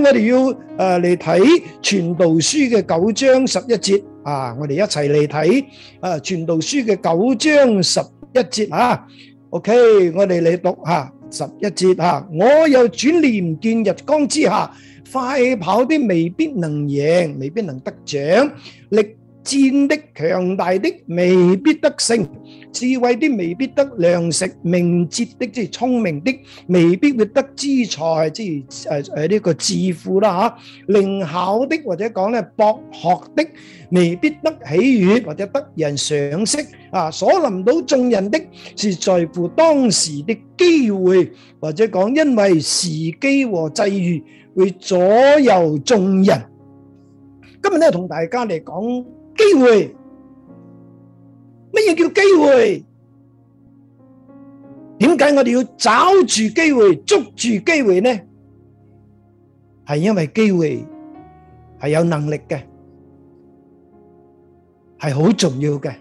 我哋要誒嚟睇《傳道書》嘅九章十一節啊！我哋一齊嚟睇誒，《傳道書》嘅九章十一節啊。OK，我哋嚟讀吓十一節吓。我又轉念見日光之下，快跑啲未必能贏，未必能得獎。力戰的強大的未必得勝，智慧的未必得糧食，明哲的即係聰明的未必會得資財，即係誒誒呢個致富啦吓。靈巧的或者講咧博學的未必得喜悅，或者得人賞識啊。所臨到眾人的是在乎當時的機會，或者講因為時機和際遇會左右眾人。今日咧同大家嚟講。機會，乜嘢叫機會？點解我哋要找住機會、捉住機會呢？係因為機會係有能力嘅，係好重要嘅。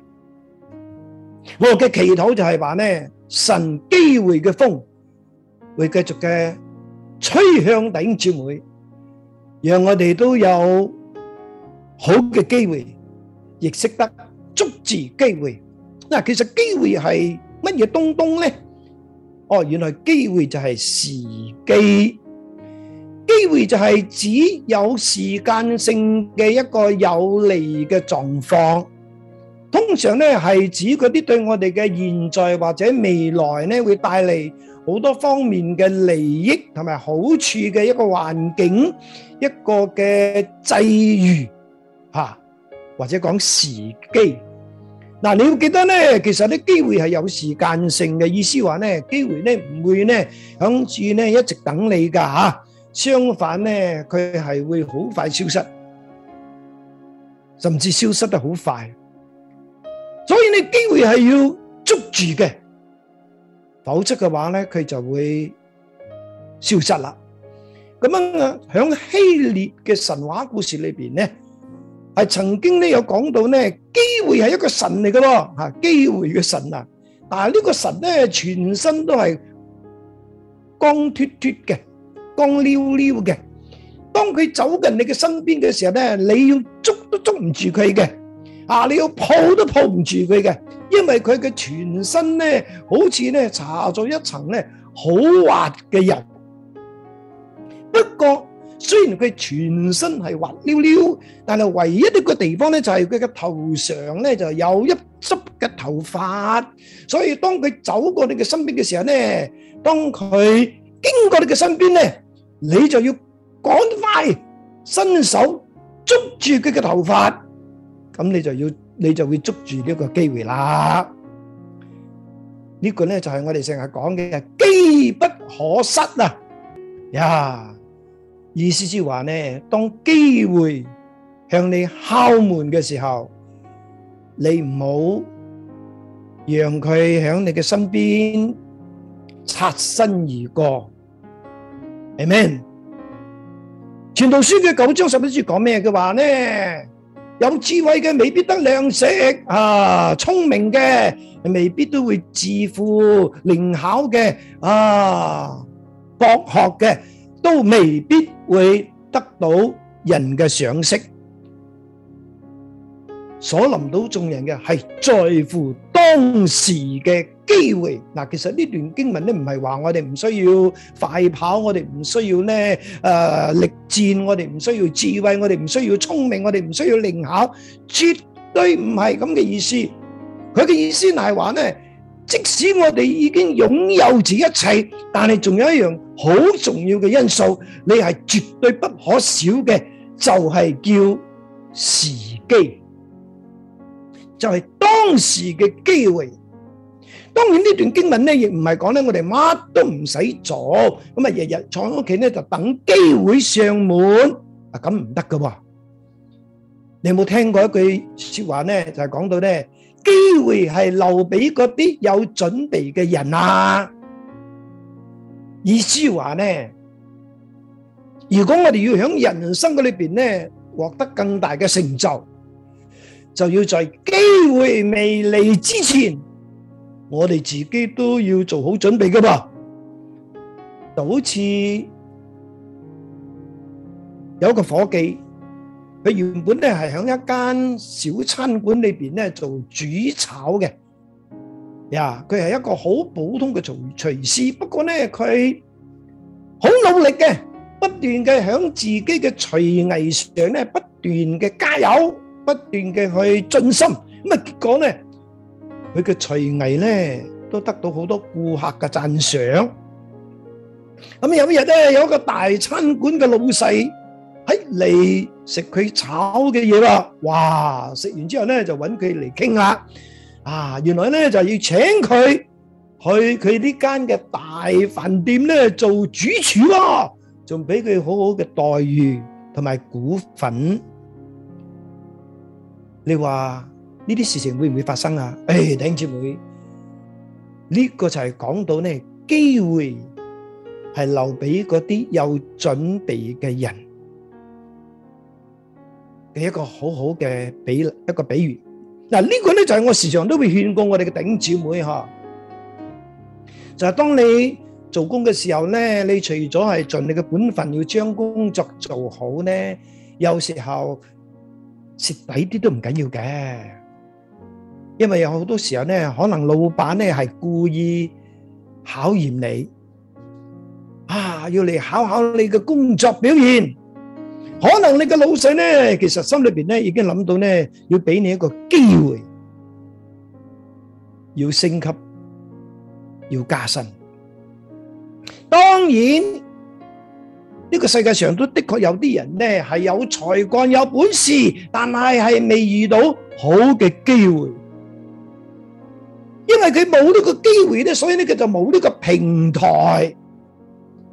我嘅祈禱就係話呢，神機會嘅風會繼續嘅吹向弟兄姊妹，讓我哋都有好嘅機會。亦識得捉住機會。嗱，其實機會係乜嘢東東呢？哦，原來機會就係時機，機會就係指有時間性嘅一個有利嘅狀況。通常呢，係指嗰啲對我哋嘅現在或者未來呢，會帶嚟好多方面嘅利益同埋好處嘅一個環境，一個嘅際遇。或者講時機，嗱，你要記得咧，其實啲機會係有時間性嘅，意思話咧，機會咧唔會咧響住咧一直等你噶吓，相反咧佢係會好快消失，甚至消失得好快，所以你機會係要捉住嘅，否則嘅話咧佢就會消失啦。咁樣響希臘嘅神話故事裏邊咧。係曾經咧有講到咧，機會係一個神嚟嘅咯，吓，機會嘅神啊！但係呢個神咧全身都係光脫脫嘅、光溜溜嘅。當佢走近你嘅身邊嘅時候咧，你要捉都捉唔住佢嘅，啊，你要抱都抱唔住佢嘅，因為佢嘅全身咧好似咧搽咗一層咧好滑嘅油。不過，雖然佢全身係滑溜溜，但係唯一一個地方咧就係佢嘅頭上咧就有一執嘅頭髮，所以當佢走過你嘅身邊嘅時候咧，當佢經過你嘅身邊咧，你就要趕快伸手捉住佢嘅頭髮，咁你就要你就會捉住呢個機會啦。呢個咧就係我哋成日講嘅機不可失啊！呀～意思是說當機會向你敲門嘅時候，你唔好讓佢喺你嘅身邊擦身而過。Amen 傳道書嘅九章十一節講咩嘅話呢？有智慧嘅未必得糧食，啊，聰明嘅未必都會致富，靈巧嘅啊，博學嘅。都未必會得到人嘅賞識，所臨到眾人嘅係在乎當時嘅機會。嗱，其實呢段經文咧，唔係話我哋唔需要快跑，我哋唔需要咧，誒、呃，力戰，我哋唔需要智慧，我哋唔需要聰明，我哋唔需要靈巧，絕對唔係咁嘅意思。佢嘅意思係話呢，即使我哋已經擁有住一切，但係仲有一樣。好重要嘅因素，你係絕對不可少嘅，就係叫時機，就係當時嘅機會。當然呢段經文咧，亦唔係講咧我哋乜都唔使做，咁啊日日坐喺屋企咧就等機會上門啊，咁唔得噶噃。你有冇聽過一句說話咧？就係講到咧，機會係留俾嗰啲有準備嘅人啊！意思話咧，如果我哋要喺人生嗰裏邊咧，獲得更大嘅成就，就要在機會未嚟之前，我哋自己都要做好準備噶噃。就好似有個伙計，佢原本咧係喺一間小餐館裏邊咧做煮炒嘅。佢、yeah，係一個好普通嘅廚廚師，不過呢，佢好努力嘅，不斷嘅響自己嘅廚藝上呢不斷嘅加油，不斷嘅去盡心，咁啊結果呢，佢嘅廚藝呢都得到好多顧客嘅讚賞。咁有一日呢，有一個大餐館嘅老細喺嚟食佢炒嘅嘢啦，哇！食完之後呢，就揾佢嚟傾下。啊，原來咧就要請佢去佢呢間嘅大飯店咧做主廚咯。啊，仲俾佢好好嘅待遇同埋股份。你話呢啲事情會唔會發生啊？誒、哎，頂住會。呢、呢個就係講到咧，機會係留俾嗰啲有準備嘅人嘅一個好好嘅比一個比喻。嗱，呢個咧就係我時常都會勸告我哋嘅頂姊妹吓，就係、是、當你做工嘅時候咧，你除咗係盡你嘅本分要將工作做好咧，有時候蝕底啲都唔緊要嘅，因為有好多時候咧，可能老闆咧係故意考驗你啊，要嚟考考你嘅工作表現。可能你嘅老細咧，其實心裏邊咧已經諗到咧，要俾你一個機會，要升級，要加薪。當然呢個世界上都的確有啲人咧係有才幹、有本事，但係係未遇到好嘅機會，因為佢冇呢個機會咧，所以咧佢就冇呢個平台。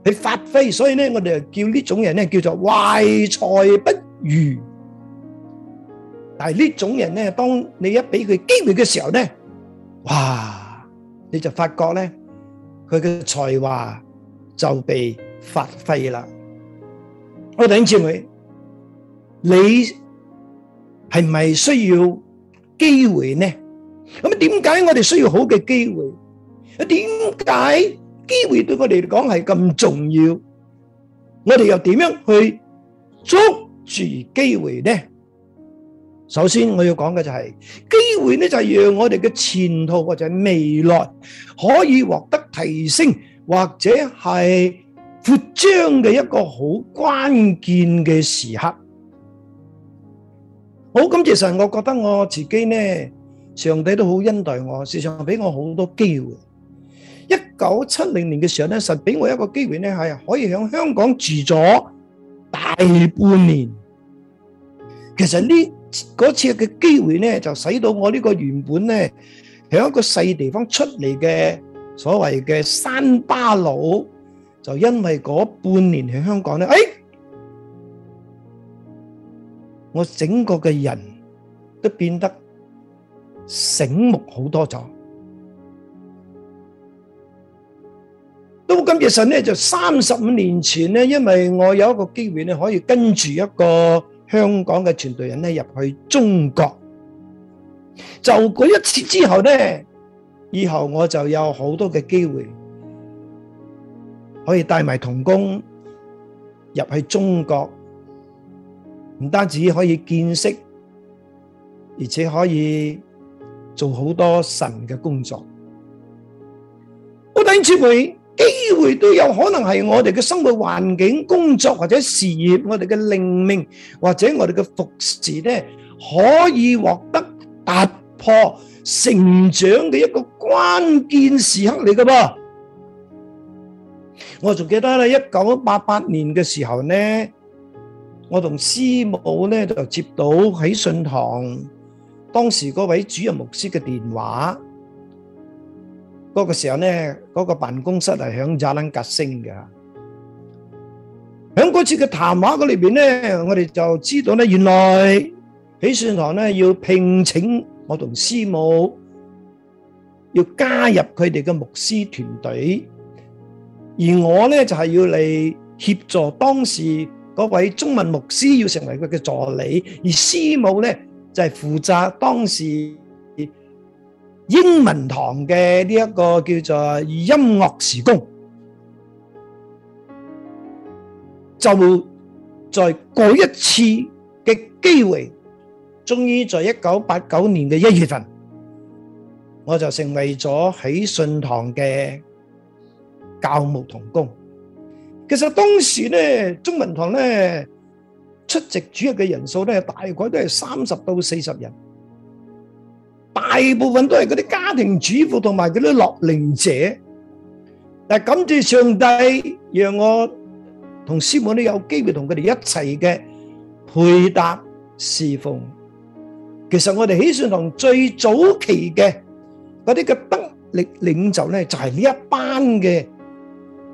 去發揮，所以咧，我哋就叫呢種人咧叫做懷才不遇。但係呢種人咧，當你一俾佢機會嘅時候咧，哇，你就發覺咧，佢嘅才華就被發揮啦。我等住佢你，係咪需要機會呢？咁點解我哋需要好嘅機會？點解？機會對我哋嚟講係咁重要，我哋又點樣去捉住機會呢？首先我要講嘅就係機會呢，就係讓我哋嘅前途或者未來可以獲得提升或者係擴張嘅一個好關鍵嘅時刻。好，咁其實我覺得我自己呢，上帝都好恩待我，事實上俾我好多機會。一九七零年嘅時候咧，實俾我一個機會咧，係可以喺香港住咗大半年。其實呢嗰次嘅機會咧，就使到我呢個原本咧喺一個細地方出嚟，嘅所謂嘅山巴佬，就因為嗰半年喺香港咧，誒，我整個嘅人都變得醒目好多咗。到今日神咧就三十五年前咧，因為我有一個機會咧，可以跟住一個香港嘅傳道人咧入去中國，就嗰一次之後咧，以後我就有好多嘅機會可以帶埋童工入去中國，唔單止可以見識，而且可以做好多神嘅工作。我等一次會。機會都有可能係我哋嘅生活環境、工作或者事業，我哋嘅靈命或者我哋嘅服侍咧，可以獲得突破、成長嘅一個關鍵時刻嚟嘅噃。我仲記得咧，一九八八年嘅時候咧，我同師母咧就接到喺信堂當時嗰位主任牧師嘅電話。嗰、那個時候咧，嗰、那個辦公室係響渣楞格聲嘅。響嗰次嘅談話嘅裏邊咧，我哋就知道咧，原來起算堂咧要聘請我同師母，要加入佢哋嘅牧師團隊。而我咧就係、是、要嚟協助當時嗰位中文牧師，要成為佢嘅助理。而師母咧就係、是、負責當時。英文堂嘅呢一個叫做音樂事工，就在嗰一次嘅機會，終於在一九八九年嘅一月份，我就成為咗喜信堂嘅教務同工。其實當時咧中文堂咧出席主日嘅人數咧大概都係三十到四十人。大部分都係嗰啲家庭主婦同埋嗰啲樂齡者，但感謝上帝讓我同師母都有機會同佢哋一齊嘅配搭侍奉。其實我哋喜善堂最早期嘅嗰啲嘅得力領袖咧，就係呢一班嘅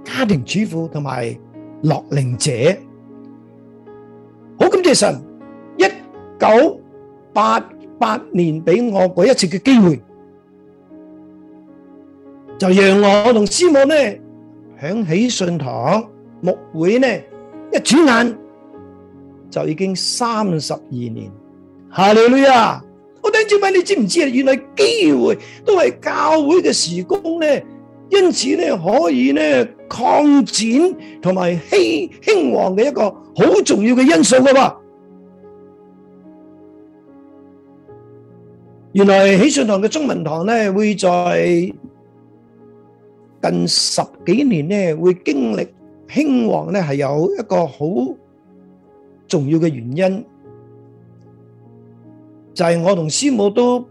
家庭主婦同埋樂齡者。好感謝神，一九八。八年俾我嗰一次嘅機會，就讓我同師母呢響喜信堂牧會呢，一轉眼就已經三十二年。哈利路亞，我等住問你知唔知啊？原來機會都係教會嘅時工咧，因此咧可以咧，擴展同埋興興旺嘅一個好重要嘅因素噶喎。原來喜信堂嘅中文堂咧，會在近十幾年咧會經歷興旺咧，係有一個好重要嘅原因，就係我同師母都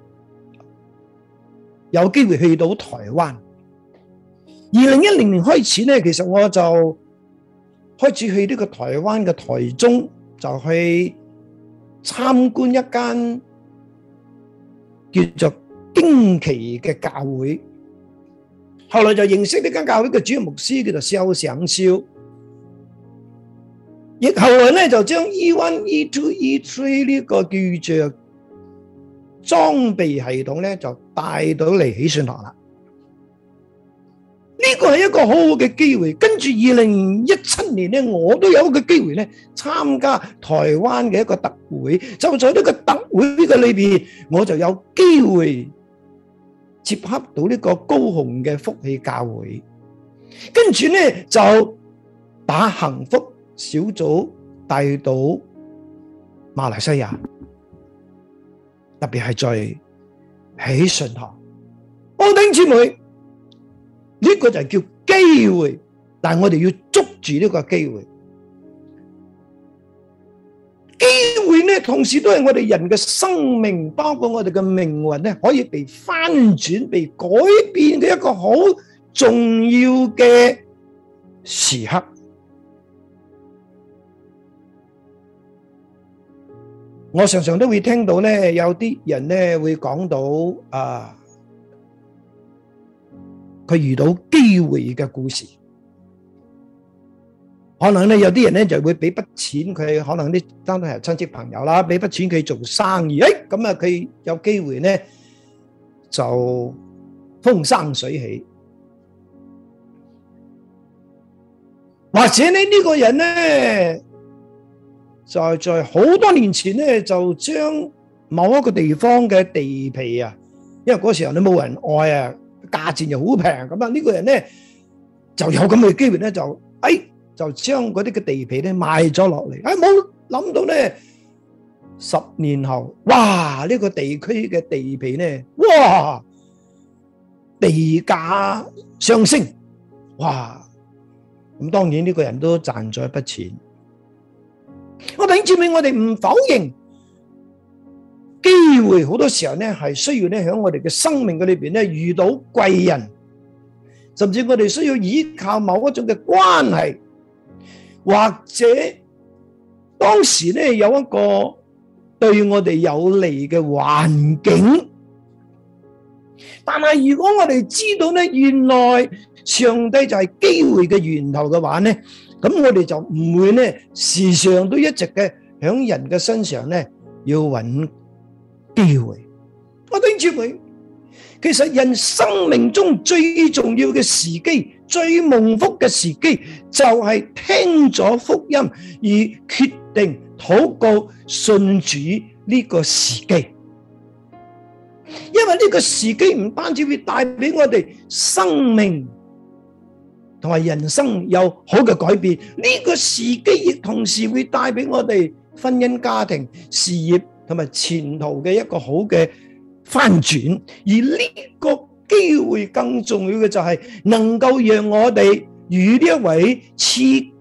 有機會去到台灣。二零一零年開始咧，其實我就開始去呢個台灣嘅台中，就去參觀一間。叫做驚奇嘅教會，後來就認識呢間教會嘅主任牧師叫做肖想肖，亦後來咧就將 E one、E two、E three 呢個叫做裝備系統咧就帶到嚟喜善堂啦。呢個係一個好好嘅機會，跟住二零一七年咧，我都有個機會咧參加台灣嘅一個特會，就在呢個特會呢個裏邊，我就有機會接洽到呢個高雄嘅福氣教會，跟住咧就把幸福小組帶到馬來西亞，特別係在喜信堂，奧丁姐妹。呢個就係叫機會，但係我哋要捉住呢個機會。機會呢，同時都係我哋人嘅生命，包括我哋嘅命運咧，可以被翻轉、被改變嘅一個好重要嘅時刻。我常常都會聽到咧，有啲人咧會講到啊。佢遇到機會嘅故事，可能咧有啲人咧就會俾筆錢佢，可能啲單都係親戚朋友啦，俾筆錢佢做生意，咁啊佢有機會咧就風生水起，或者咧呢、呢個人咧就係在好多年前咧就將某一個地方嘅地皮啊，因為嗰時候都冇人愛啊。價錢又好平咁啊！呢個人咧就有咁嘅機會咧，就誒就將嗰啲嘅地皮咧賣咗落嚟。誒冇諗到咧，十年後哇，呢個地區嘅地皮咧，哇地價上升，哇咁當然呢個人都賺咗一筆錢。我頂住你，我哋唔否認。機會好多時候咧係需要咧喺我哋嘅生命嘅裏邊咧遇到貴人，甚至我哋需要依靠某一種嘅關係，或者當時咧有一個對我哋有利嘅環境。但係如果我哋知道咧原來上帝就係機會嘅源頭嘅話咧，咁我哋就唔會咧時常都一直嘅喺人嘅身上咧要揾。機會，我叮住佢。其實人生命中最重要嘅時機、最蒙福嘅時機，就係、係、聽咗福音而決定禱告信主呢個時機。因為呢個時機唔單止會帶俾我哋生命同埋人生有好嘅改變，呢、呢個時機亦同時會帶俾我哋婚姻、家庭、事業。同埋前途嘅一個好嘅翻轉，而呢個機會更重要嘅就係能夠讓我哋與呢一位賜機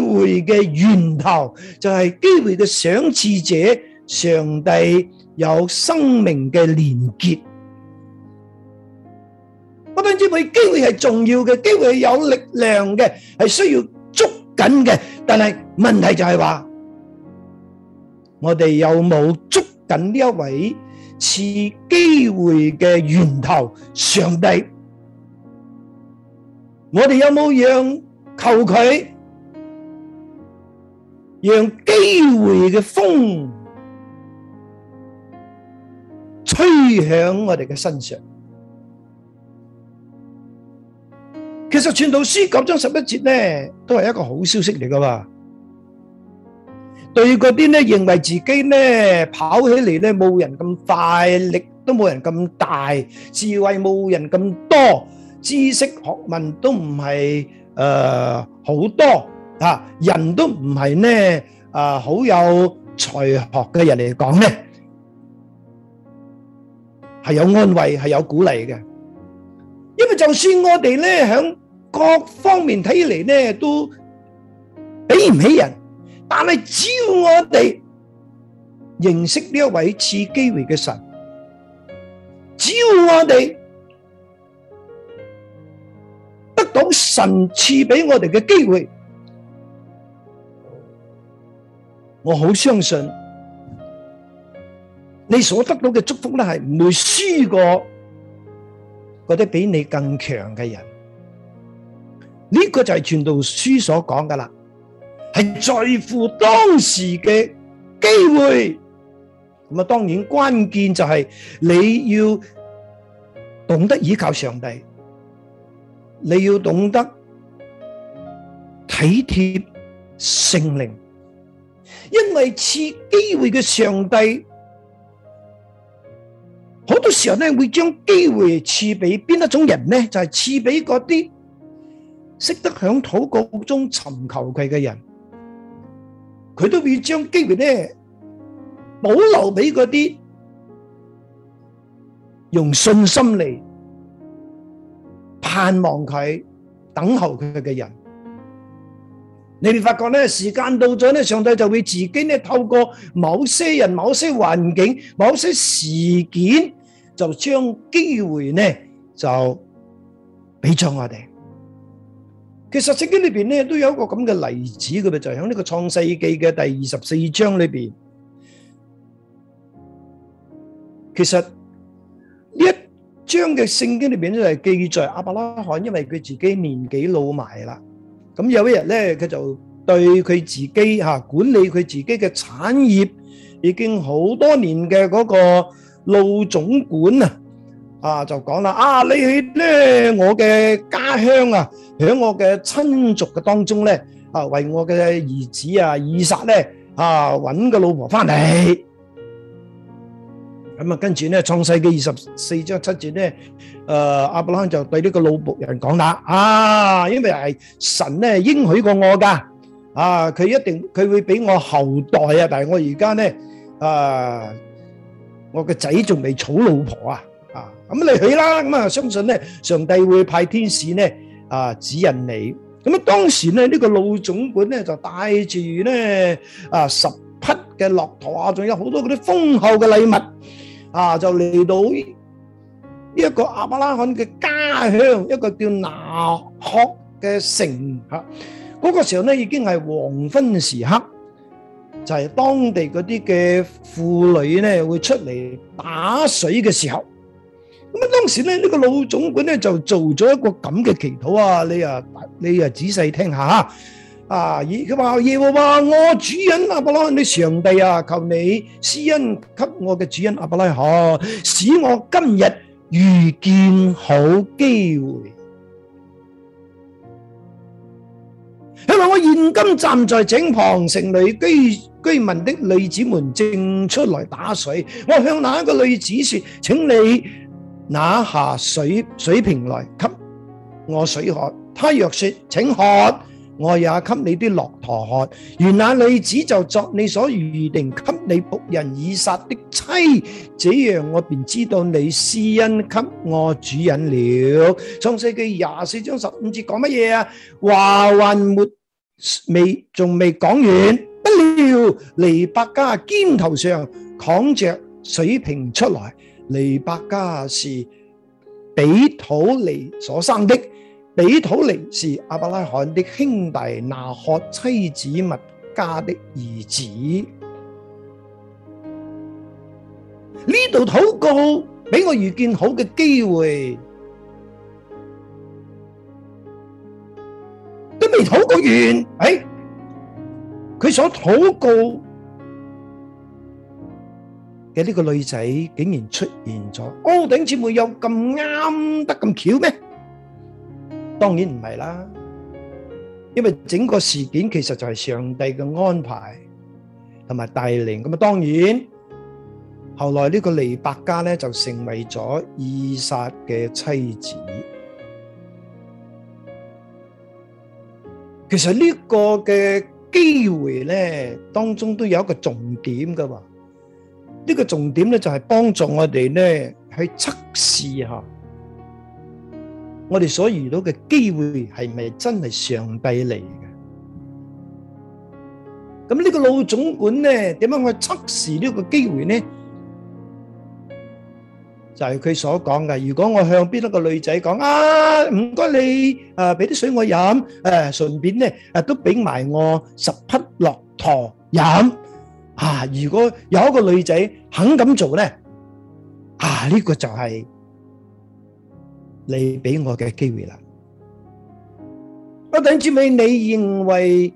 會嘅源頭，就係、是、機會嘅賞賜者上帝有生命嘅連結。我當然知，機會係重要嘅，機會係有力量嘅，係需要捉緊嘅。但係問題就係、是、話。我們有冇捉緊呢一位賜機會的源頭上帝？我們有沒有讓求他讓機會的風吹響我們的身上？其實傳道書九章十一節咧，都係一個好消息嚟㗎嘛？對嗰啲咧，認為自己咧跑起嚟咧冇人咁快，力都冇人咁大，智慧冇人咁多，知識學問都唔係誒好多啊，人都唔係咧啊好有才學嘅人嚟講咧，係有安慰，係有鼓勵嘅，因為就算我哋咧響各方面睇起嚟咧都比唔起人。但係，只要我哋認識呢一位賜機會嘅神，只要我哋得到神賜俾我哋嘅機會，我好相信你所得到嘅祝福咧，係唔會輸過嗰啲比你更強嘅人。呢個就係《傳道書》所講噶啦。係在乎當時嘅機會，咁啊，當然關鍵就係你要懂得依靠上帝，你要懂得體貼聖靈，因為賜機會嘅上帝，好多時候咧會將機會賜俾邊一種人咧，就係、是、賜俾嗰啲識得響禱告中尋求佢嘅人。佢都會將機會咧保留俾嗰啲用信心嚟盼望佢，等候佢嘅人。你哋發覺咧，時間到咗咧，上帝就會自己咧透過某些人，某些環境，某些事件，就將機會咧就俾咗我哋。其實聖經裏邊咧都有一個咁嘅例子噶嘛，就喺呢個創世紀嘅第二十四章裏邊。其實呢一章嘅聖經裏邊咧係記載阿伯拉罕因為佢自己年紀老埋啦，咁有一日咧佢就對佢自己吓管理佢自己嘅產業已經好多年嘅嗰個老總管啊。啊，就講啦，啊，你去咧我嘅家鄉啊，響我嘅親族嘅當中咧，啊，為我嘅兒子啊，以撒咧，啊，搵個老婆翻嚟。咁啊，跟住咧創世記二十四章七節咧，誒、啊，阿伯朗就對呢個老僕人講啦，啊，因為係神咧應許過我噶，啊，佢一定佢會俾我後代啊，但係我而家咧，啊，我個仔仲未娶老婆啊。咁你去啦，咁啊相信咧，上帝會派天使咧啊指引你。咁、這個、啊，當時咧呢個老總管咧就帶住咧啊十匹嘅駱駝啊，仲有好多嗰啲豐厚嘅禮物啊，就嚟到呢一個亞伯拉罕嘅家鄉，一個叫拿鶴嘅城。吓，嗰個時候咧已經係黃昏時刻，就係、是、當地嗰啲嘅婦女咧會出嚟打水嘅時候。咁啊！當時咧，呢個老總管咧就做咗一個咁嘅祈禱啊！你啊，你啊，仔細聽下啊，而佢話：耶和華我主人阿伯拉，你上帝啊，求你施恩給我嘅主人阿伯拉，哈，使我今日遇見好機會。因為我現今站在井旁，城裏，城裏居居民的女子們正出來打水，我向那一個女子説：請你。拿下水水瓶來，給我水喝。他若說請喝，我也給你啲駱駝喝。願那女子就作你所預定給你僕人以撒的妻，這樣我便知道你施恩給我主人了。創世紀廿四章十五節講乜嘢啊？話還沒未仲未講完，不料利百加肩頭上扛着水瓶出來。尼伯家是彼土利所生的，彼土利是亞伯拉罕的兄弟拿鶴妻子密迦的兒子。呢度禱告俾我遇見好嘅機會，都未禱告完，誒、哎，佢所禱告。呢個女仔竟然出現咗，高頂子沒有咁啱得咁巧咩？當然唔係啦，因為整個事件其實就係上帝嘅安排同埋帶領。咁啊，當然後來呢個利百加咧就成為咗以撒嘅妻子。其實呢個嘅機會咧當中都有一個重點噶。呢個重點咧就係幫助我哋咧去測試下，我哋所遇到嘅機會係咪真係上帝嚟嘅？咁呢個老總管咧點樣去測試呢個機會咧？就係佢所講嘅。如果我向邊一個女仔講啊，唔該你誒俾啲水我飲，誒順便咧誒都俾埋我十匹駱駝飲。啊！如果有一個女仔肯咁做咧，啊！呢個就係你俾我嘅機會啦。啊！頂住咪，你認為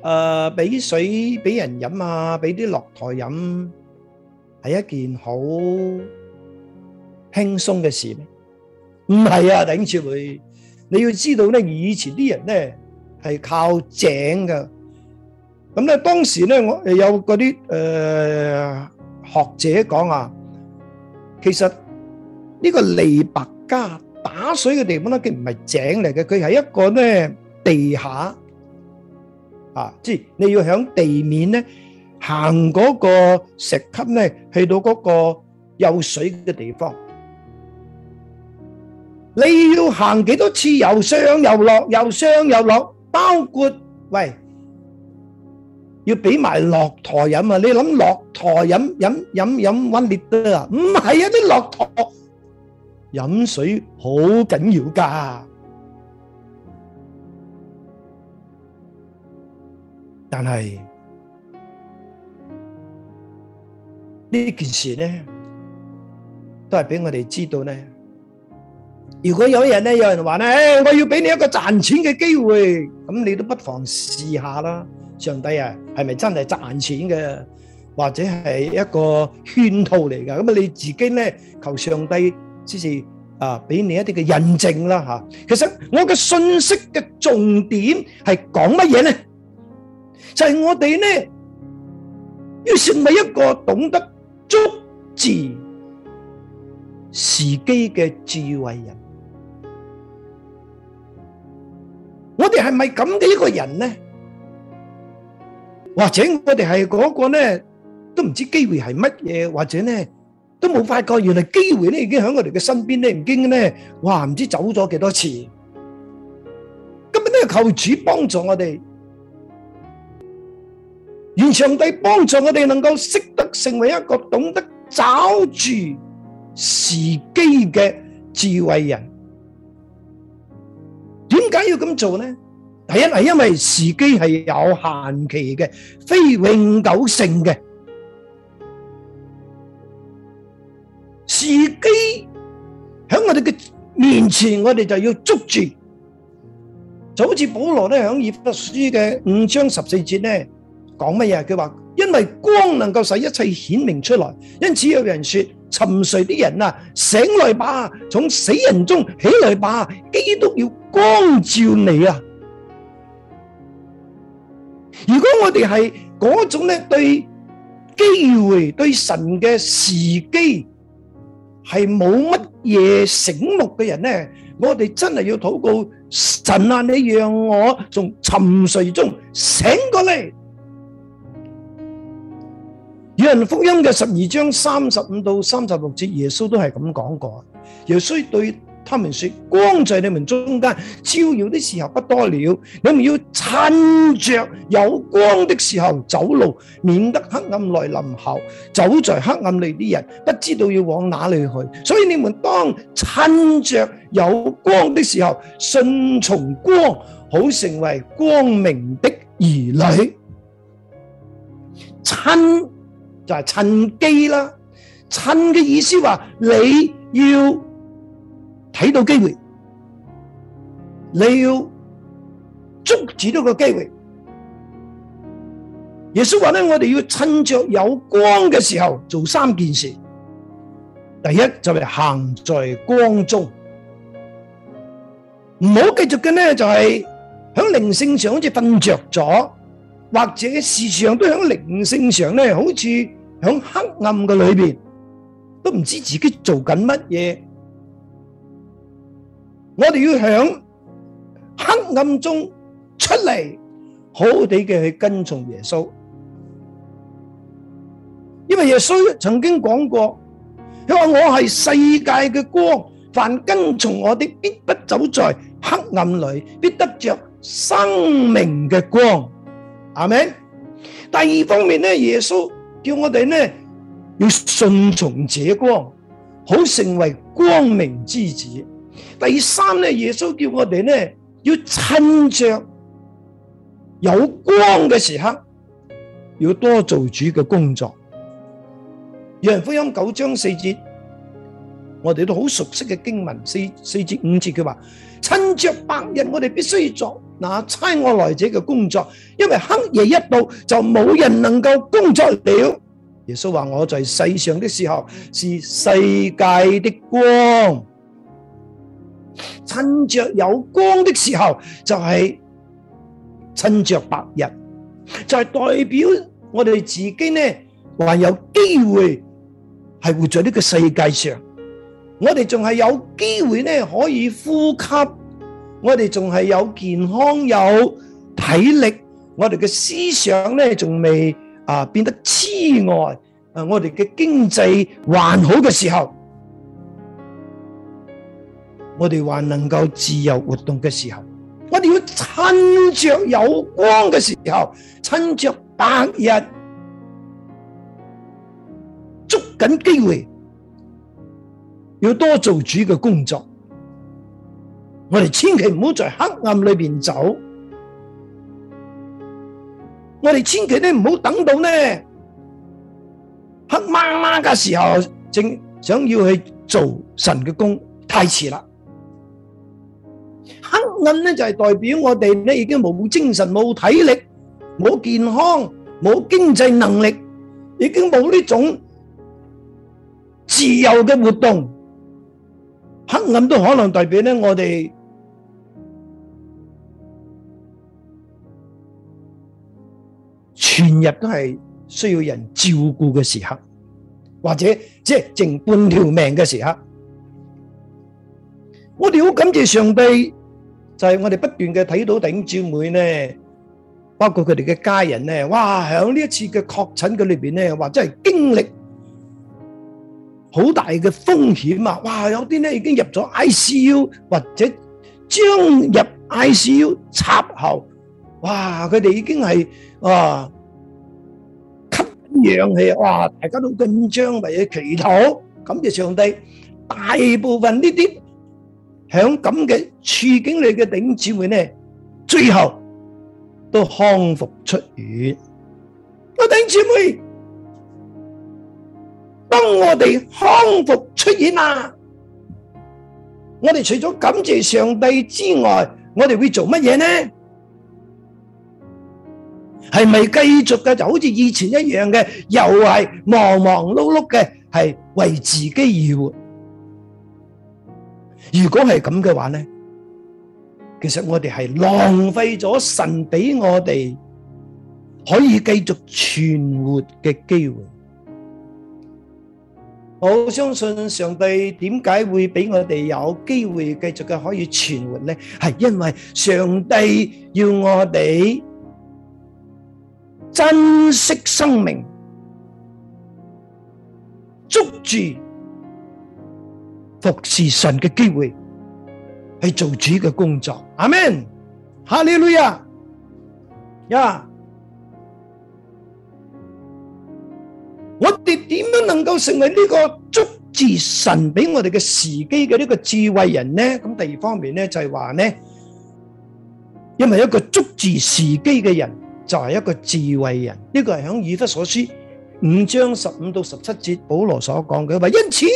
誒俾水俾人飲啊，俾啲落台飲係一件好輕鬆嘅事咩？唔係啊，頂住咪！你要知道咧，以前啲人咧係靠井嘅。咁咧，當時咧，我有嗰啲誒學者講啊，其實呢個李白家打水嘅地方咧，佢唔係井嚟嘅，佢係一個咧地下啊，即係你要喺地面咧行嗰個石級咧，去到嗰個有水嘅地方，你要行幾多次？又上又落，又上又落，包括餵。要俾埋駱駝飲啊！你諗駱駝飲飲飲飲溫烈都啊，唔係啊，啲駱駝飲水好緊要㗎。但係呢件事呢，都係俾我哋知道呢。如果有人呢，有人話呢，誒，我要俾你一個賺錢嘅機會，咁你都不妨試下啦。上帝啊，係咪真係賺錢嘅，或者係一個圈套嚟嘅？咁啊，你自己咧求上帝是，先至啊，俾你一啲嘅印證啦吓。其實我嘅信息嘅重點係講乜嘢咧？就係、是、我哋咧要成為一個懂得捉住時機嘅智慧人。我哋係咪咁嘅一個人咧？或者我哋係嗰個咧，都唔知機會係乜嘢，或者咧都冇發覺，原來機會咧已經喺我哋嘅身邊咧，已經咧，哇唔知走咗幾多次。根本都要求主幫助我哋，願上帝幫助我哋，能夠識得成為一個懂得抓住時機嘅智慧人。點解要咁做呢？係一係，因為時機係有限期嘅，非永久性嘅時機。響我哋嘅面前，我哋就要捉住，就好似保羅咧響《以弗所書》嘅五章十四節咧講乜嘢？佢話，因為光能夠使一切顯明出來，因此有人說，沉睡啲人啊，醒來吧，從死人中起來吧。基督要光照你啊！如果我哋係嗰種咧，對機會、對神嘅時機係冇乜嘢醒目嘅人咧，我哋真係要禱告神啊！你讓我從沉睡中醒過嚟。約翰福音嘅十二章三十五到三十六節，耶穌都係咁講過。耶穌對。他們說，光在你們中間照耀的時候不多了，你們要趁着有光的時候走路，免得黑暗來臨後走在黑暗裏啲人不知道要往哪裏去。所以你們當趁着有光的時候，順從光，好成為光明的兒女。趁就係、是、趁機啦，趁嘅意思話你要。睇到機會，你要捉住呢個機會。耶穌話咧，我哋要趁着有光嘅時候做三件事。第一就係行在光中，唔好繼續嘅咧就係響靈性上好似瞓着咗，或者時常都響靈性上咧好似響黑暗嘅裏邊，都唔知自己做緊乜嘢。我哋要響黑暗中出嚟，好地嘅去跟從耶穌。因為耶穌曾經講過，佢話我係世界嘅光，凡跟從我的，必不走在黑暗裏，必得着生命嘅光。阿們。第二方面咧，耶穌叫我哋咧要順從這光，好成為光明之子。第三呢，耶穌叫我哋呢要趁着有光嘅時刻，要多做主嘅工作。約翰福音九章四節，我哋都好熟悉嘅經文，四四至五節，佢話：趁着白日，我哋必須做嗱，差我來者嘅工作，因為黑夜一到，就冇人能夠工作了。耶穌話：我在世上的時候，是世界的光。趁着有光的時候，就係趁着白日，就係代表我哋自己呢，還有機會係活在呢個世界上。我哋仲係有機會呢，可以呼吸，我哋仲係有健康、有體力，我哋嘅思想呢仲未啊變得痴呆，誒，我哋嘅經濟還好嘅時候。我哋還能夠自由活動嘅時候，我哋要趁着有光嘅時候，趁着白日，捉緊機會，要多做主嘅工作。我哋千祈唔好在黑暗裏邊走。我哋千祈咧唔好等到咧黑麻麻嘅時候，正想要去做神嘅工，太遲啦。黑暗咧就係代表我哋咧已經冇精神、冇體力、冇健康、冇經濟能力，已經冇呢種自由嘅活動。黑暗都可能代表咧我哋全日都係需要人照顧嘅時刻，或者即係剩半條命嘅時刻。我哋好感謝上帝。就係我哋不斷嘅睇到弟兄姊妹咧，包括佢哋嘅家人咧，哇！響呢一次嘅確診嘅裏邊咧，或者係經歷好大嘅風險啊！哇，有啲咧已經入咗 ICU，或者將入 ICU 插喉。哇！佢哋已經係啊吸緊氧氣啊！哇！大家都緊張，為佢祈禱，感謝上帝。大部分呢啲。喺咁嘅處境裏嘅頂姊妹呢，最後都康復出院。我頂姊妹，當我哋康復出院啊，我哋除咗感謝上帝之外，我哋會做乜嘢呢？係咪繼續嘅就好似以前一樣嘅，又係忙忙碌碌嘅，係為自己而活？如果係咁嘅話咧，其實我哋係浪費咗神俾我哋可以繼續存活嘅機會。我相信上帝點解會俾我哋有機會繼續嘅可以存活咧？係因為上帝要我哋珍惜生命，捉住。服侍神嘅機會，係做主嘅工作。阿們，哈利路亞，呀、yeah.！我哋點樣能夠成為呢個捉住神俾我哋嘅時機嘅呢個智慧人呢？咁第二方面呢就係話呢，因為一個捉住時機嘅人就係、是、一個智慧人，呢、這個係響以弗所書。五章十五到十七節，保羅所講嘅話，因此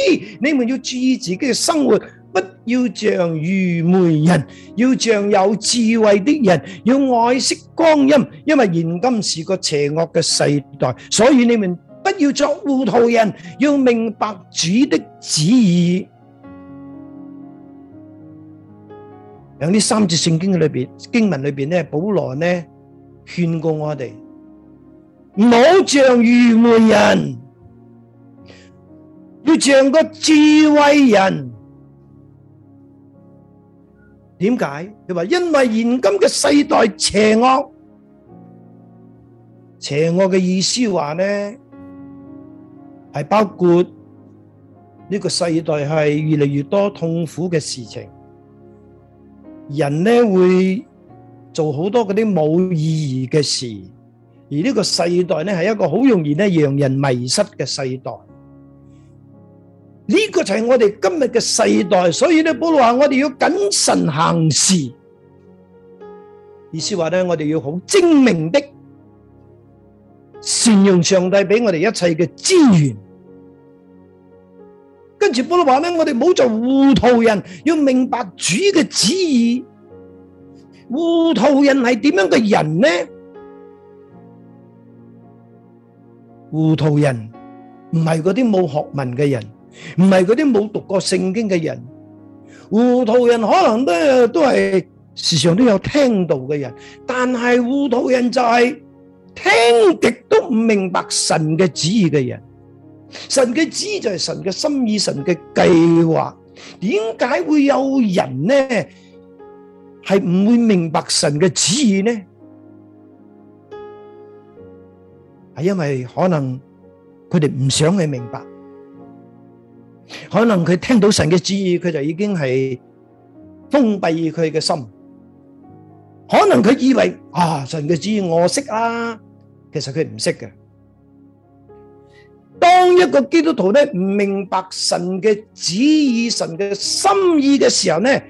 你們要注意自己嘅生活，不要像愚昧人，要像有智慧的人，要愛惜光陰，因為現今是個邪惡嘅世代，所以你們不要作糊塗人，要明白主的旨意。喺呢三節聖經嘅裏邊，經文裏邊咧，保羅呢勸告我哋。唔好像愚昧人，要像個智慧人。點解？佢話因為現今嘅世代邪惡，邪惡嘅意思話咧，係包括呢個世代係越嚟越多痛苦嘅事情，人咧會做好多嗰啲冇意義嘅事。而呢個世代呢，係一個好容易呢，讓人迷失嘅世代。呢個就係我哋今日嘅世代，所以呢，保羅話我哋要謹慎行事，意思話呢，我哋要好精明的善用上帝俾我哋一切嘅資源。跟住保羅話呢，我哋唔好做糊塗人，要明白主嘅旨意。糊塗人係點樣嘅人呢？糊塗人唔係嗰啲冇學問嘅人，唔係嗰啲冇讀過聖經嘅人。糊塗人可能都都係時常都有聽道嘅人，但係糊塗人就係聽極都唔明白神嘅旨意嘅人。神嘅旨意就係神嘅心意、神嘅計劃。點解會有人呢係唔會明白神嘅旨意呢？係因為可能佢哋唔想去明白，可能佢聽到神嘅旨意，佢就已經係封閉佢嘅心。可能佢以為啊，神嘅旨意我識啦，其實佢唔識嘅。當一個基督徒咧唔明白神嘅旨意、神嘅心意嘅時候咧。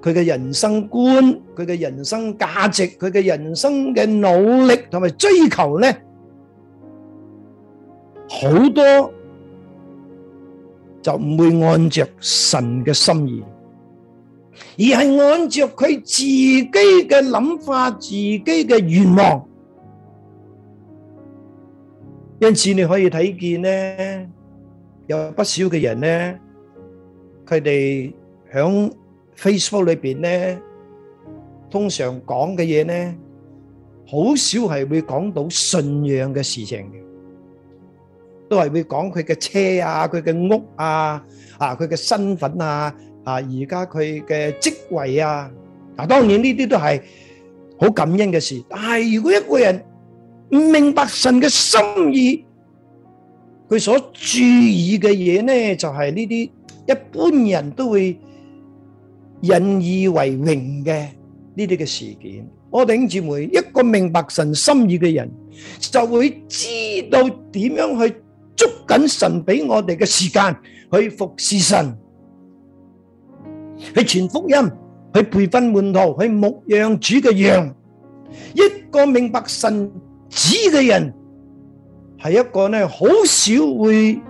佢嘅人生觀、佢嘅人生價值、佢嘅人生嘅努力同埋追求咧，好多就唔會按照神嘅心意，而係按照佢自己嘅諗法、自己嘅願望。因此你可以睇見咧，有不少嘅人咧，佢哋響。Facebook 裏邊咧，通常講嘅嘢咧，好少係會講到信仰嘅事情嘅，都係會講佢嘅車啊、佢嘅屋啊、啊佢嘅身份啊、啊而家佢嘅職位啊。嗱，當然呢啲都係好感恩嘅事，但係如果一個人唔明白神嘅心意，佢所注意嘅嘢咧，就係呢啲一般人都會。引以為榮嘅呢啲嘅事件，我頂住門。一個明白神心意嘅人，就會知道點樣去捉緊神俾我哋嘅時間，去服侍神，去傳福音，去培訓門徒，去牧養主嘅羊。一個明白神旨嘅人，係一個呢，好少會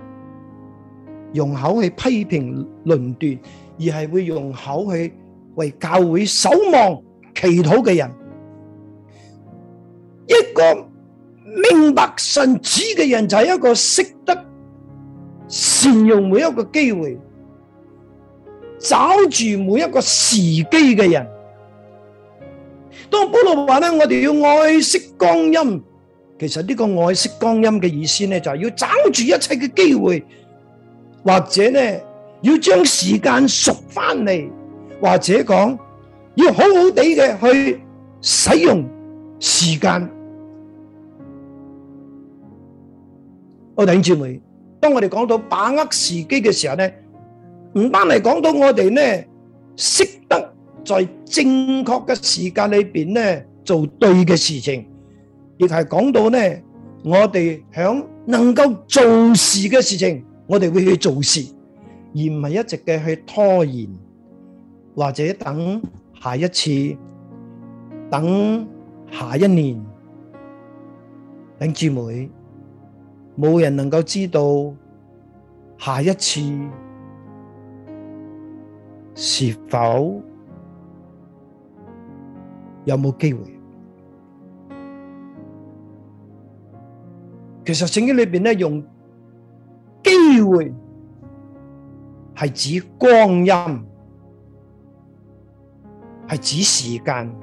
用口去批評論斷。而係會用口去為教會守望祈禱嘅人，一個明白神旨嘅人，就係一個識得善用每一個機會，抓住每一個時機嘅人。當保羅話咧，我哋要愛惜光陰。其實呢個愛惜光陰嘅意思咧，就係要抓住一切嘅機會，或者咧。要將時間贖翻嚟，或者講要好好地嘅去使用時間。我弟兄姐妹，每當我哋講到把握時機嘅時候咧，唔單係講到我哋咧，識得在正確嘅時間裏邊咧做對嘅事情，亦係講到咧我哋想能夠做事嘅事情，我哋會去做事。而唔係一直嘅去拖延，或者等下一次，等下一年，弟兄姊妹，冇人能夠知道下一次是否有冇機會。其實聖經裏邊咧用機會。係指光陰，係指時間，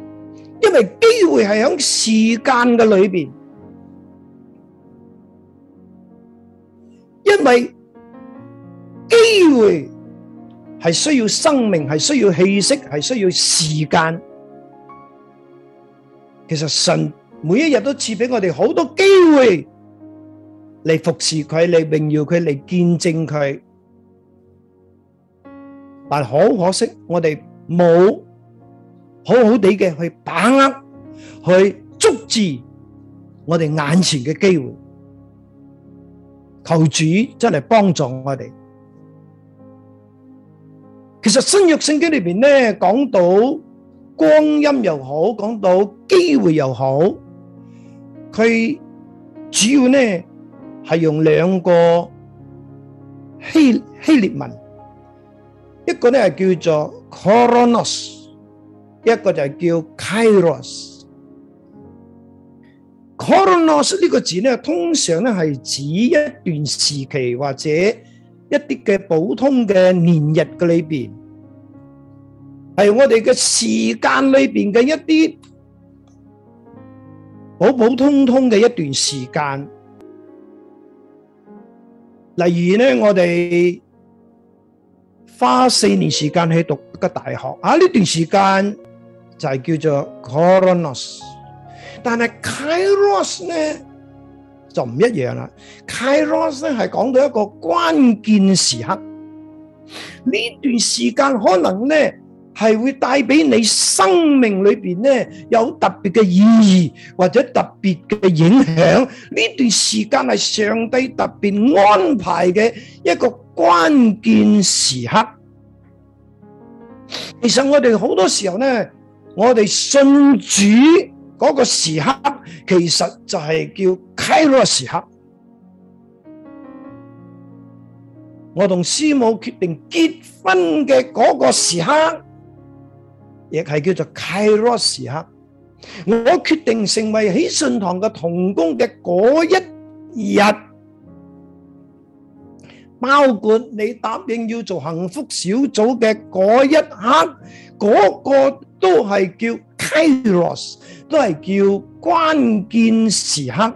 因為機會係響時間嘅裏邊，因為機會係需要生命，係需要氣息，係需要時間。其實神每一日都賜俾我哋好多機會嚟服侍，佢嚟榮耀，佢嚟見證佢。但好可惜，我哋冇好好哋嘅去把握，去捉住我哋眼前嘅機會。求主真係幫助我哋。其實新約聖經裏邊咧，講到光陰又好，講到機會又好，佢主要咧係用兩個希希臘文。一個咧係叫做 Coronos，一個就叫 Kairos。Coronos 呢個字咧，通常咧係指一段時期或者一啲嘅普通嘅年日嘅裏邊，係我哋嘅時間裏邊嘅一啲普普通通嘅一段時間。例如咧，我哋，花四年時間去讀一個大學，啊呢段時間就係叫做 chronos 但係 kairos 咧就唔一樣啦。kairos 咧係講到一個關鍵時刻，呢段時間可能咧係會帶俾你生命裏邊咧有特別嘅意義或者特別嘅影響，呢段時間係上帝特別安排嘅一個。關鍵時刻，其實我哋好多時候呢，我哋信主嗰個時刻其實就係叫 Kairos 時刻。我同師母決定結婚嘅嗰個時刻，亦係叫做 Kairos 時刻。我決定成為喜信堂嘅同工嘅嗰一日包括你答應要做幸福小組嘅嗰一刻，嗰個都係叫 Kairos，都係叫關鍵時刻。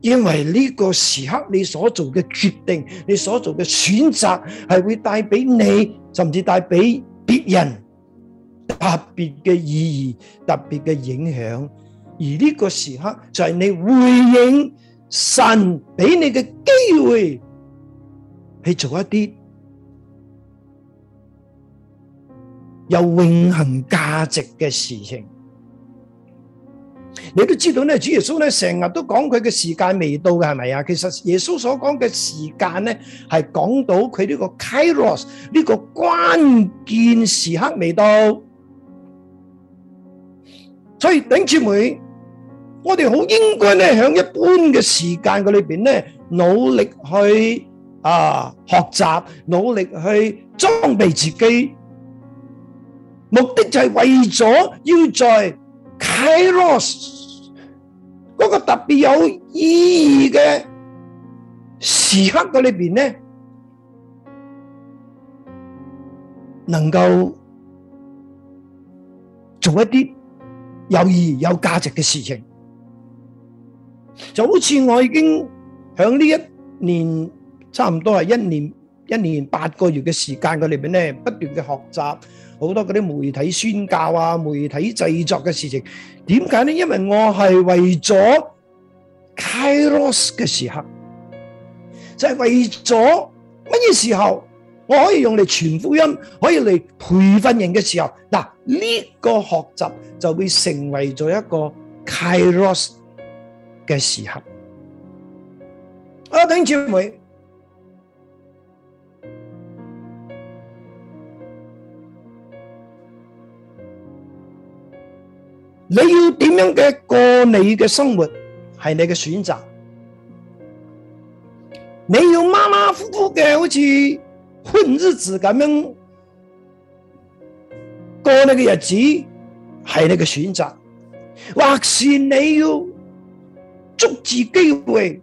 因為呢個時刻你所做嘅決定，你所做嘅選擇，係會帶俾你，甚至帶俾別人特別嘅意義、特別嘅影響。而呢個時刻就係你回應。神俾你嘅機會去做一啲有永恆價值嘅事情，你都知道咧，主耶穌咧成日都講佢嘅時間未到嘅，係咪啊？其實耶穌所講嘅時間咧，係講到佢呢個 Kairos 呢個關鍵時刻未到，所以頂住我。我哋好應該咧，喺一般嘅時間嘅裏邊咧，努力去啊學習，努力去裝備自己，目的就係為咗要在 Kairos 嗰個特別有意義嘅時刻嘅裏邊咧，能夠做一啲有意義有價值嘅事情。就好似我已經喺呢一年差唔多係一年一年八個月嘅時間嘅裏邊咧，不斷嘅學習好多嗰啲媒體宣教啊、媒體製作嘅事情。點解咧？因為我係為咗 Kairos 嘅時刻，就係、是、為咗乜嘢時候我可以用嚟傳福音，可以嚟培訓人嘅時候，嗱、這、呢個學習就會成為咗一個 Kairos。嘅時刻，我等住你。你要點樣嘅過你嘅生活係你嘅選擇。你要馬馬虎虎嘅好似混日子，咁樣過你嘅日子係你嘅選擇，或是你要捉住機會，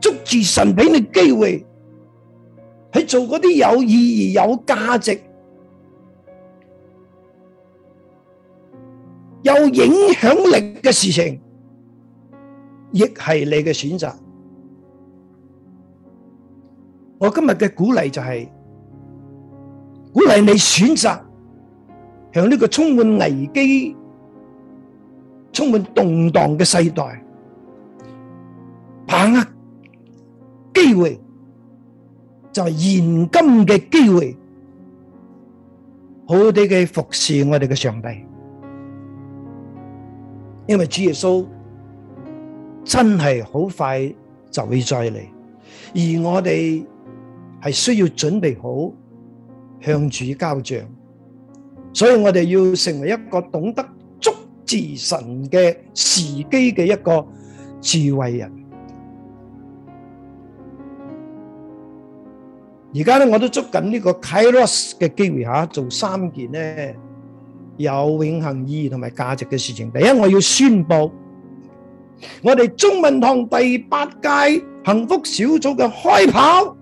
捉住神俾你機會，去做嗰啲有意義、有價值、有影響力嘅事情，亦係你嘅選擇。我今日嘅鼓勵就係鼓勵你選擇，向呢個充滿危機。充滿動盪嘅世代，把握機會就係現今嘅機會，好好哋服侍我哋嘅上帝，因為主耶穌真係好快就會再嚟，而我哋係需要準備好向主交賬，所以我哋要成為一個懂得。是神嘅時機嘅一個智慧人。而家咧，我都捉緊呢個 Kairos 嘅機會吓，做三件呢有永恆意義同埋價值嘅事情。第一，我要宣布我哋中文堂第八屆幸福小組嘅開跑，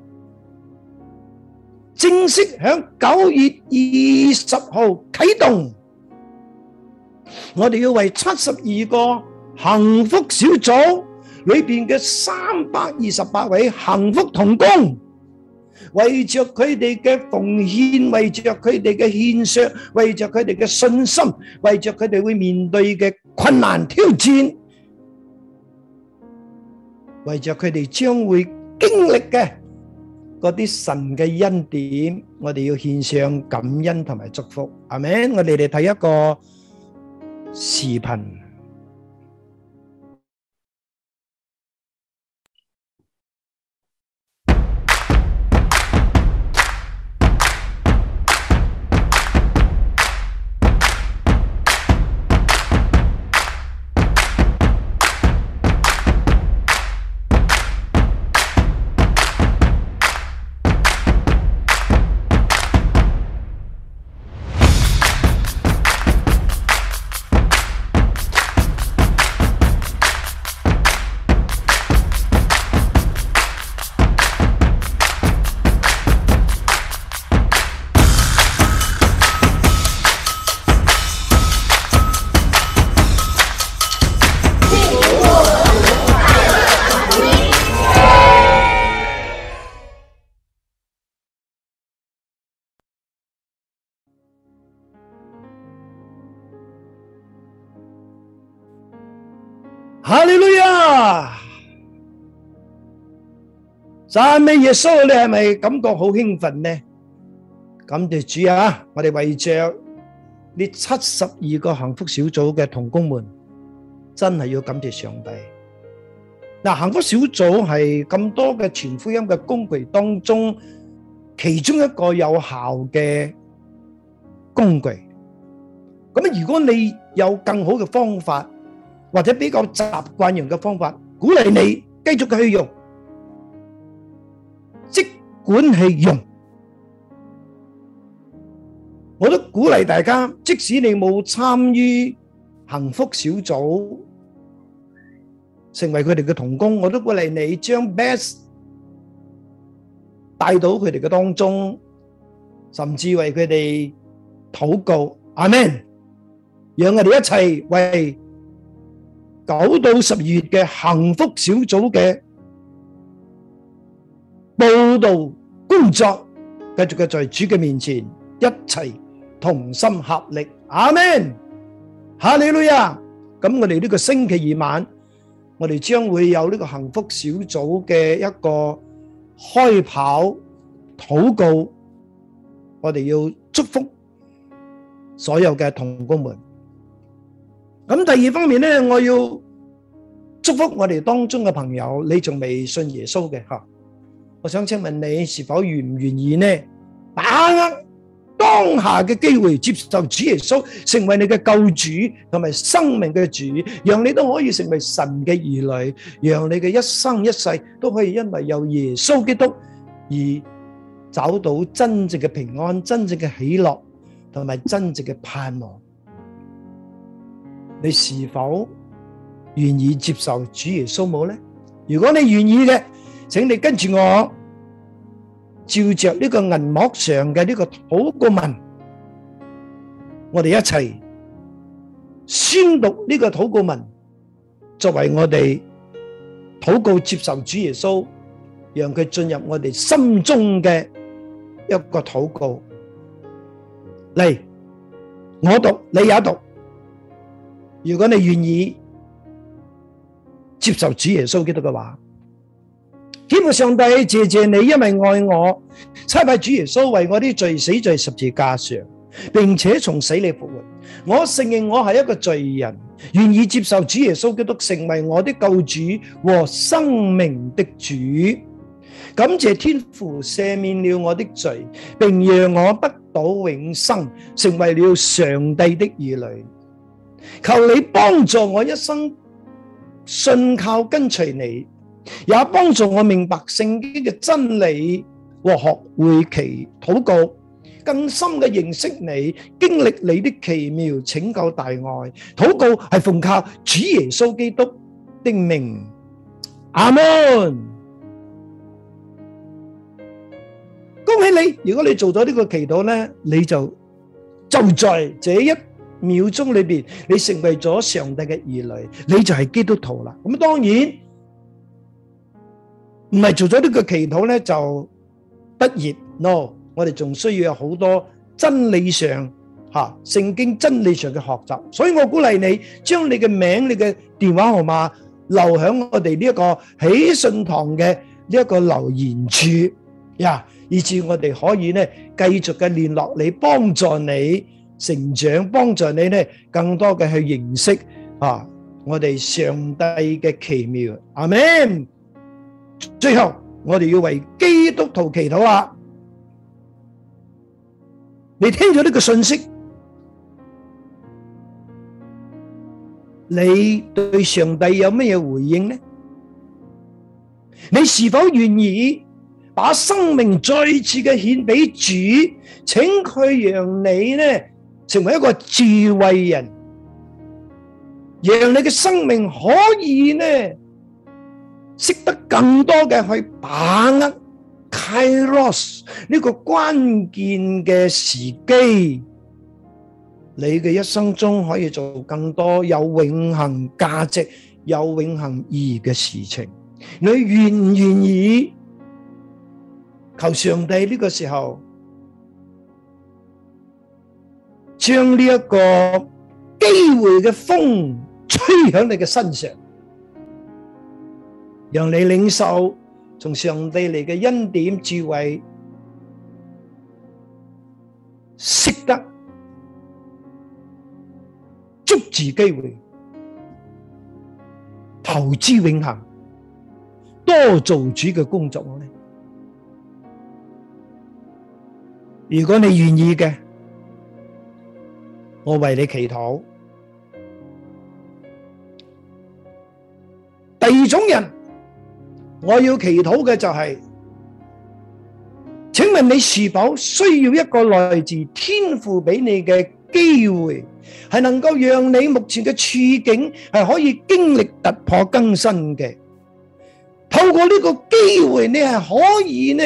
正式響九月二十號啟動。我哋要為七十二個幸福小組裏邊嘅三百二十八位幸福同工，為着佢哋嘅奉獻，為着佢哋嘅獻上，為着佢哋嘅信心，為着佢哋會面對嘅困難挑戰，為着佢哋將會經歷嘅嗰啲神嘅恩典，我哋要獻上感恩同埋祝福，係咪？我哋嚟睇一個。視頻。讚美耶穌，你係咪感覺好興奮呢？感謝主啊，我哋為着呢七十二個幸福小組嘅同工們，真係要感謝上帝。嗱，幸福小組係咁多嘅全福音嘅工具當中，其中一個有效嘅工具。咁啊，如果你有更好嘅方法，或者比較習慣用嘅方法，鼓勵你繼續去用。即管係用，我都鼓勵大家。即使你冇參與幸福小組，成為佢哋嘅同工，我都鼓勵你將 best 帶到佢哋嘅當中，甚至為佢哋禱告。阿門！讓我哋一齊為九到十二月嘅幸福小組嘅。到工作，繼續嘅在主嘅面前一齊同心合力，阿門。哈利路亞啊，咁我哋呢個星期二晚，我哋將會有呢個幸福小組嘅一個開跑禱告，我哋要祝福所有嘅同工們。咁第二方面咧，我要祝福我哋當中嘅朋友，你仲未信耶穌嘅吓。我想請問你是否願唔願意呢？把握當下嘅機會接受主耶穌，成為你嘅救主同埋生命嘅主，讓你都可以成為神嘅兒女，讓你嘅一生一世都可以因為有耶穌基督而找到真正嘅平安、真正嘅喜樂同埋真正嘅盼望。你是否願意接受主耶穌冇呢？如果你願意嘅。請你跟住我，照着呢個銀幕上嘅呢個禱告文，我哋一齊宣讀呢個禱告文，作為我哋禱告接受主耶穌，讓佢進入我哋心中嘅一個禱告。嚟，我讀，你也讀。如果你願意接受主耶穌基督嘅話。天父上帝，謝謝你，因為愛我，差派主耶穌為我的罪死在十字架上，並且從死裏復活。我承認我係一個罪人，願意接受主耶穌基督成為我的救主和生命的主。感謝天父赦免了我的罪，並讓我得到永生，成為了上帝的兒女。求你幫助我一生，信靠跟隨你。也幫助我明白聖經嘅真理和學會祈禱告，更深嘅認識你，經歷你的奇妙拯救大愛。禱告係奉靠主耶穌基督的名，阿門。恭喜你，如果你做咗呢個祈禱咧，你就就在這一秒鐘裏邊，你成為咗上帝嘅兒女，你就係基督徒啦。咁當然。唔係做咗呢個祈禱咧，就畢業咯，我哋仲需要有好多真理上吓聖經真理上嘅學習，所以我鼓勵你將你嘅名、你嘅電話號碼留喺我哋呢一個喜訊堂嘅呢一個留言處呀，以至我哋可以咧繼續嘅聯絡你，幫助你成長，幫助你咧更多嘅去認識啊我哋上帝嘅奇妙。阿門。最後，我哋要為基督徒祈禱啊。你聽咗呢個信息，你對上帝有咩嘢回應呢？你是否願意把生命再次嘅獻俾主，請佢讓你呢成為一個智慧人，讓你嘅生命可以呢，識得更多嘅去把握 Kairos 呢個關鍵嘅時機，你嘅一生中可以做更多有永恆價值，有永恆意義嘅事情。你願唔願意求上帝呢個時候將呢一個機會嘅風吹響你嘅身上？讓你領受從上帝嚟嘅恩典智慧，識得捉住機會，投資永恆，多做主嘅工作咧。如果你願意嘅，我為你祈禱。第二種人。我要祈禱嘅就係、是，請問你是否需要一個來自天父俾你嘅機會，係能夠讓你目前嘅處境係可以經歷突破更新嘅？透過呢個機會，你係可以呢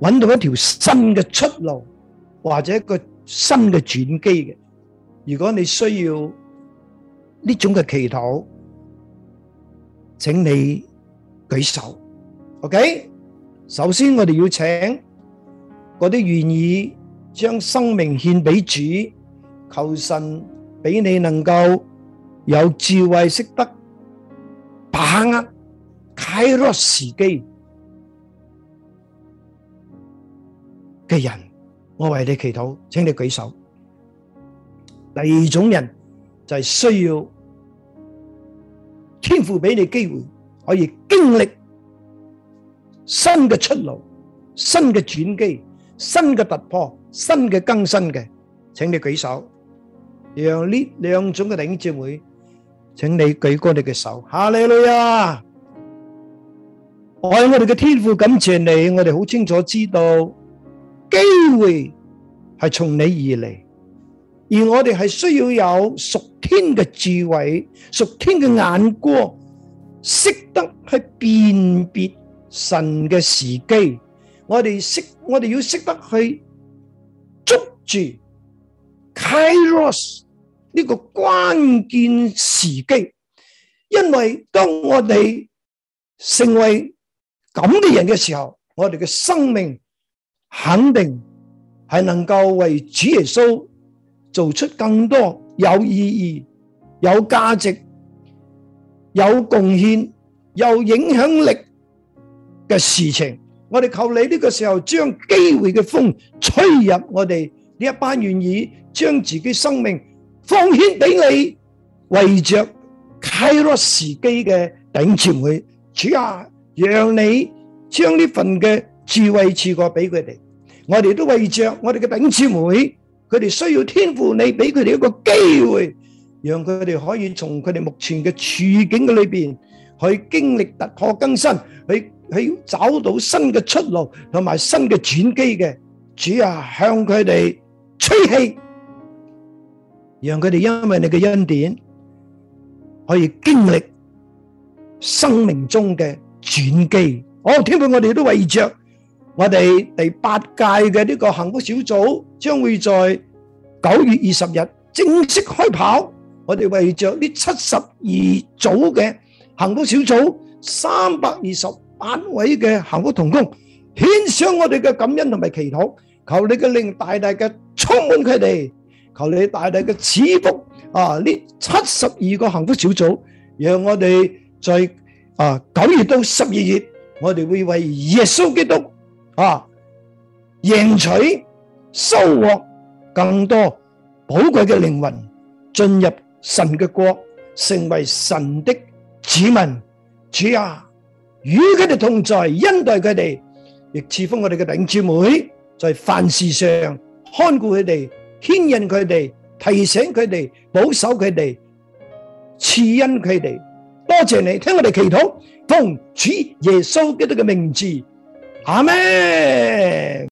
揾到一條新嘅出路，或者一個新嘅轉機嘅。如果你需要呢種嘅祈禱，請你。舉手，OK。首先我哋要請嗰啲願意將生命獻俾主，求神俾你能夠有智慧，識得把握啟落時機嘅人，我為你祈禱，請你舉手。第二種人就係需要天父俾你機會。可以經歷新嘅出路、新嘅轉機、新嘅突破、新嘅更新嘅，請你舉手。讓呢兩種嘅領袖會，請你舉過你嘅手。下嚟啦！愛我哋嘅天父，感謝你。我哋好清楚知道，機會係從你而嚟，而我哋係需要有屬天嘅智慧、屬天嘅眼光。識得去辨別神嘅時機，我哋識我哋要識得去捉住 Kairos 呢個關鍵時機，因為當我哋成為咁嘅人嘅時候，我哋嘅生命肯定係能夠為主耶穌做出更多有意義、有價值有貢獻有影響力嘅事情，我哋求你呢個時候將機會嘅風吹入我哋呢一班願意將自己生命奉獻俾你，為着開拓時機嘅頂姊妹，主啊，讓你將呢份嘅智慧賜過俾佢哋，我哋都為着我哋嘅頂姊妹，佢哋需要天賦你，你俾佢哋一個機會。讓佢哋可以從佢哋目前嘅處境嘅裏邊去經歷突破更新，去去找到新嘅出路同埋新嘅轉機嘅，主啊，向佢哋吹氣，讓佢哋因為你嘅恩典，可以經歷生命中嘅轉機。哦，天父，我哋都為着我哋第八屆嘅呢個幸福小組將會在九月二十日正式開跑。我哋為着呢七十二組嘅幸福小組，三百二十八位嘅幸福同工，獻上我哋嘅感恩同埋祈禱，求你嘅靈大大嘅充滿佢哋，求你大大嘅賜福啊！呢七十二個幸福小組，讓我哋在啊九月到十二月，我哋會為耶穌基督啊贏取收穫更多寶貴嘅靈魂進入。神嘅國成為神的子民，主啊，與佢哋同在，恩待佢哋，亦賜福我哋嘅領主會，在凡事上看顧佢哋，牽引佢哋，提醒佢哋，保守佢哋，賜恩佢哋。多謝你聽我哋祈禱，奉主耶穌基督嘅名字，阿門。